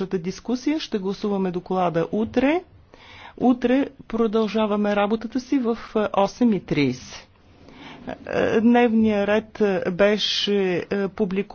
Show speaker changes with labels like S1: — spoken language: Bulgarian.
S1: нашата дискусия. Ще гласуваме доклада утре. Утре продължаваме работата си в 8.30. Е, е, дневният ред
S2: беше е, публикуван.